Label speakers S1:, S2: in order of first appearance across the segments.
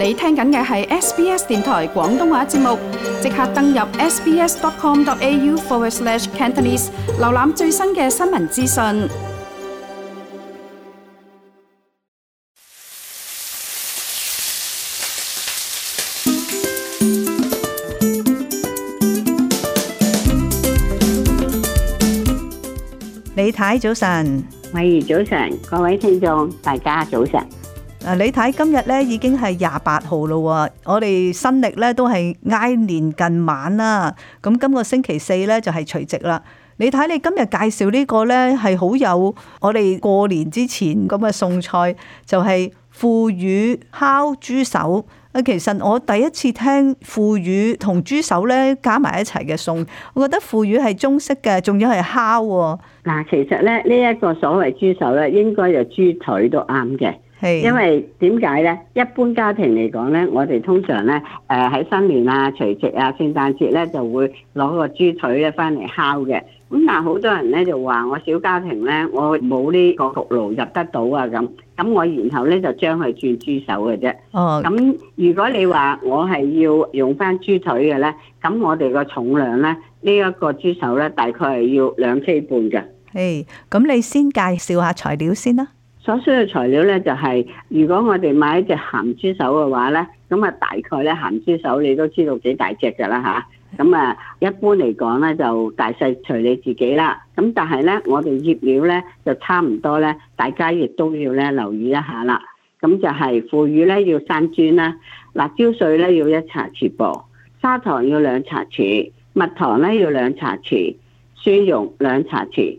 S1: 你聽緊嘅係 SBS 電台廣東話節目，即刻登入 sbs.com.au/cantonese，瀏覽最新嘅新聞資訊。李太早晨，慧如早晨，各位聽眾，大家早晨。嗱，你睇今日咧已經係廿八號咯，我哋新曆咧都係挨年近晚啦。咁今個星期四咧就係除夕啦。你睇你今日介紹呢個咧係好有我哋過年之前咁嘅餸菜，就係腐乳烤豬手。啊，其實我第一次聽腐乳同豬手咧加埋一齊嘅餸，我覺得腐乳係中式嘅，仲要係烤。
S2: 嗱，其實咧呢一個所謂豬手咧，應該就豬腿都啱嘅。Hey, 因為點解咧？一般家庭嚟講咧，我哋通常咧，誒、呃、喺新年啊、除夕啊、聖誕節咧，就會攞個豬腿咧翻嚟烤嘅。咁但係好多人咧就話：我小家庭咧，我冇呢個焗爐入得到啊咁。咁我然後咧就將佢轉豬手嘅啫。哦。咁如果你話我係要用翻豬腿嘅咧，咁我哋個重量咧呢一個豬手咧，大概係要兩 K 半嘅。誒，咁你先介紹下材料先啦。所需嘅材料咧就係、是，如果我哋買一隻鹹豬手嘅話咧，咁啊大概咧鹹豬手你都知道幾大隻噶啦吓，咁啊一般嚟講咧就大細隨你自己啦，咁但係咧我哋醃料咧就差唔多咧，大家亦都要咧留意一下啦，咁就係腐乳咧要三磚啦，辣椒水咧要一茶匙噃，砂糖要兩茶匙，蜜糖咧要兩茶匙，蒜蓉兩茶匙，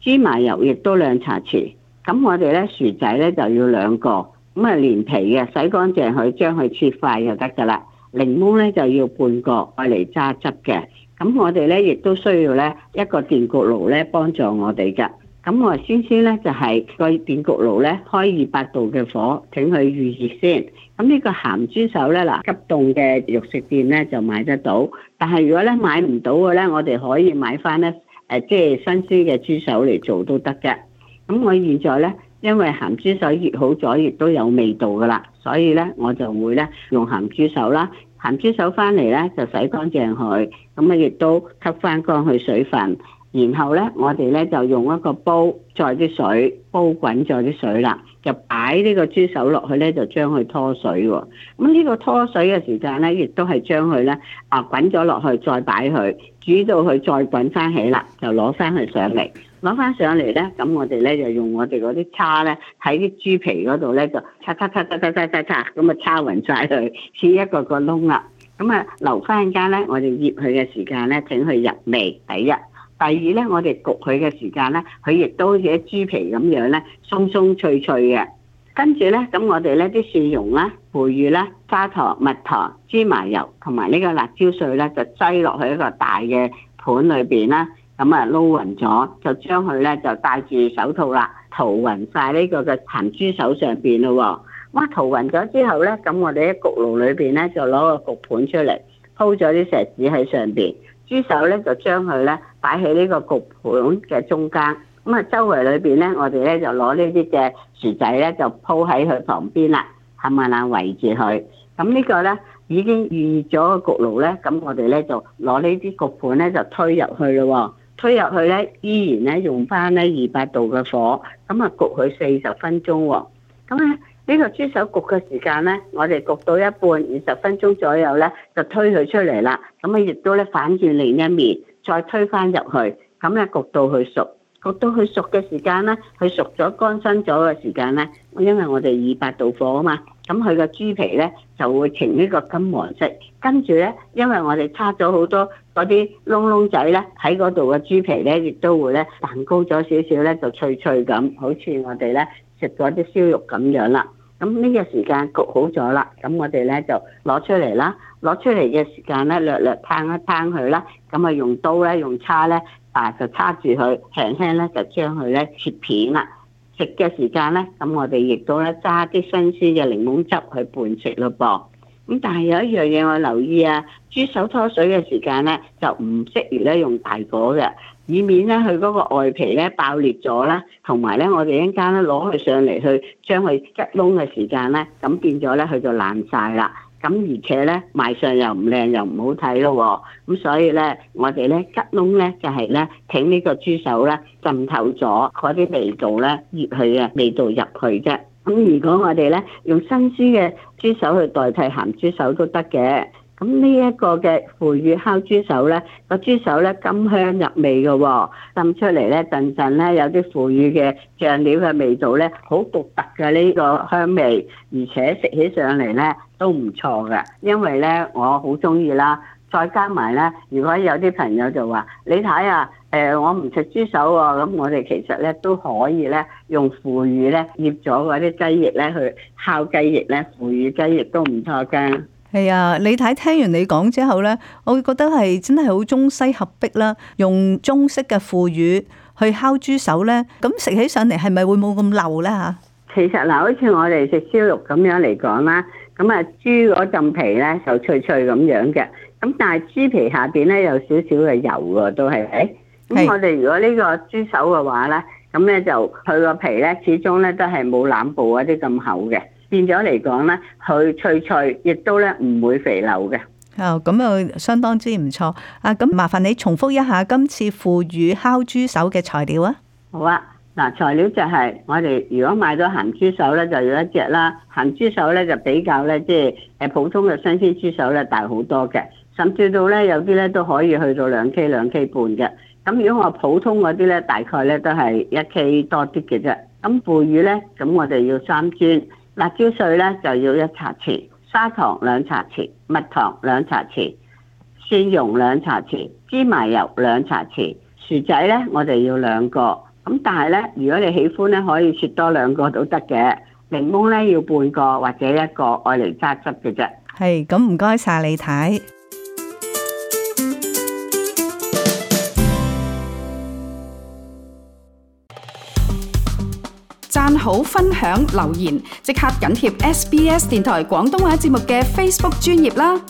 S2: 芝麻油亦都兩茶匙。咁我哋咧薯仔咧就要兩個，咁啊連皮嘅洗乾淨佢，將佢切塊就得噶啦。檸檬咧就要半個，愛嚟揸汁嘅。咁我哋咧亦都需要咧一個電焗爐咧幫助我哋嘅。咁我哋先先咧就係個電焗爐咧開二百度嘅火，請佢預熱先。咁呢個鹹豬手咧嗱，急凍嘅肉食店咧就買得到，但係如果咧買唔到嘅咧，我哋可以買翻咧誒，即係新鮮嘅豬手嚟做都得嘅。咁我現在咧，因為鹹豬手醃好咗，亦都有味道㗎喇，所以咧我就會咧用鹹豬手啦。鹹豬手翻嚟咧就洗淨乾淨佢，咁啊亦都吸翻乾去水分。然後咧，我哋咧就用一個煲，再啲水煲滾，再啲水啦，就擺呢個豬手落去咧，就將佢拖水喎。咁呢個拖水嘅時間咧，亦都係將佢咧啊滾咗落去，再擺佢煮到佢再滾翻起啦，就攞翻佢上嚟。攞翻上嚟咧，咁我哋咧就用我哋嗰啲叉咧，喺啲豬皮嗰度咧就叉叉叉叉叉叉叉，咁啊叉勻晒佢，似一個個窿啦。咁啊留翻間咧，我哋醃佢嘅時間咧，整佢入味第一。第二咧，我哋焗佢嘅時間咧，佢亦都好似啲豬皮咁樣咧，鬆鬆脆脆嘅。跟住咧，咁我哋咧啲蒜蓉啦、胡椒啦、砂糖、蜜糖、芝麻油同埋呢個辣椒碎咧，就擠落去一個大嘅盤裏邊啦。咁啊撈勻咗，就將佢咧就戴住手套啦，塗勻晒呢個嘅鹹豬手上邊咯。哇！塗勻咗之後咧，咁我哋喺焗爐裏邊咧，就攞個焗盤出嚟，鋪咗啲錫紙喺上邊。豬手咧就將佢咧擺喺呢個焗盤嘅中間，咁啊周圍裏邊咧，我哋咧就攞呢啲嘅薯仔咧就鋪喺佢旁邊啦，冚唪唥圍住佢。咁呢個咧已經預咗個焗爐咧，咁我哋咧就攞呢啲焗盤咧就推入去咯。哦，推入去咧依然咧用翻咧二百度嘅火，咁啊焗佢四十分鐘。哦，咁咧。呢個豬手焗嘅時間呢，我哋焗到一半二十分鐘左右呢，就推佢出嚟啦。咁啊，亦都呢反轉另一面再推返入去，咁呢焗到佢熟，焗到佢熟嘅時間呢，佢熟咗乾身咗嘅時間呢，因為我哋二百度火啊嘛，咁佢個豬皮呢，就會呈呢個金黃色。跟住呢，因為我哋叉咗好多嗰啲窿窿仔呢，喺嗰度嘅豬皮呢，亦都會呢，彈高咗少少呢，就脆脆咁，好似我哋呢。食咗啲燒肉咁樣啦，咁呢個時間焗好咗啦，咁我哋咧就攞出嚟啦，攞出嚟嘅時間咧略略攤一攤佢啦，咁啊用刀咧用叉咧啊就叉住佢，輕輕咧就將佢咧切片啦，食嘅時間咧，咁我哋亦都咧揸啲新鮮嘅檸檬汁去拌食咯噃。咁但係有一樣嘢我留意啊，豬手拖水嘅時間咧就唔適宜咧用大火嘅，以免咧佢嗰個外皮咧爆裂咗啦，同埋咧我哋一陣間咧攞佢上嚟去將佢吉窿嘅時間咧，咁變咗咧佢就爛晒啦。咁而且咧賣相又唔靚又唔好睇咯。咁所以咧我哋咧吉窿咧就係咧請呢個豬手咧浸透咗嗰啲味道咧，醃佢嘅味道入去啫。咁如果我哋咧用新鮮嘅豬手去代替鹹豬手都得嘅，咁呢一個嘅腐乳烤豬手咧，個豬手咧甘香入味嘅、哦，冧出嚟咧陣陣咧有啲腐乳嘅醬料嘅味道咧，好獨特嘅呢、這個香味，而且食起上嚟咧都唔錯嘅，因為咧我好中意啦，再加埋咧，如果有啲朋友就話，你睇啊！誒，我唔食豬手喎，咁我哋其實咧都可以咧用腐乳咧醃咗嗰啲雞翼咧去烤雞翼咧，腐乳雞翼都唔錯㗎。係啊，
S1: 李太聽完你講之後咧，我會覺得係真係好中西合璧啦，用中式嘅腐乳去烤豬手咧，咁食起上嚟係咪會冇咁漏咧嚇？
S2: 其實嗱，好似我哋食燒肉咁樣嚟講啦，咁啊豬嗰陣皮咧就脆脆咁樣嘅，咁但係豬皮下邊咧有少少嘅油喎，都係咪？咁、嗯、是我哋如果呢個豬手嘅話咧，咁咧就佢個皮咧始終咧都係冇腩部嗰啲咁厚嘅，變咗嚟講咧，佢脆脆，亦都咧唔會肥溜嘅。
S1: 哦，咁啊相當之唔錯。啊，咁麻煩你重複一下今次腐乳烤豬手嘅材料
S2: 啊。好啊，嗱、啊，材料就係我哋如果買咗鹹豬手咧，就有一隻啦。鹹豬手咧就比較咧，即係誒普通嘅新鮮豬手咧大好多嘅，甚至到咧有啲咧都可以去到兩 K 兩 K 半嘅。咁如果我普通嗰啲呢，大概呢都係一 K 多啲嘅啫。咁腐乳呢，咁我哋要三磚，辣椒碎呢，就要一茶匙，砂糖兩茶匙，蜜糖兩茶匙，蒜蓉兩茶匙，芝麻油兩茶匙，薯仔呢，我哋要兩個。咁但係呢，如果你喜歡呢，可以切多兩個都得嘅。檸檬呢，要半個或者一個榨，愛嚟揸汁嘅啫。
S1: 係，咁唔該晒你睇。讚好、分享、留言，即刻緊貼 SBS 電台廣東話節目嘅 Facebook 專頁啦！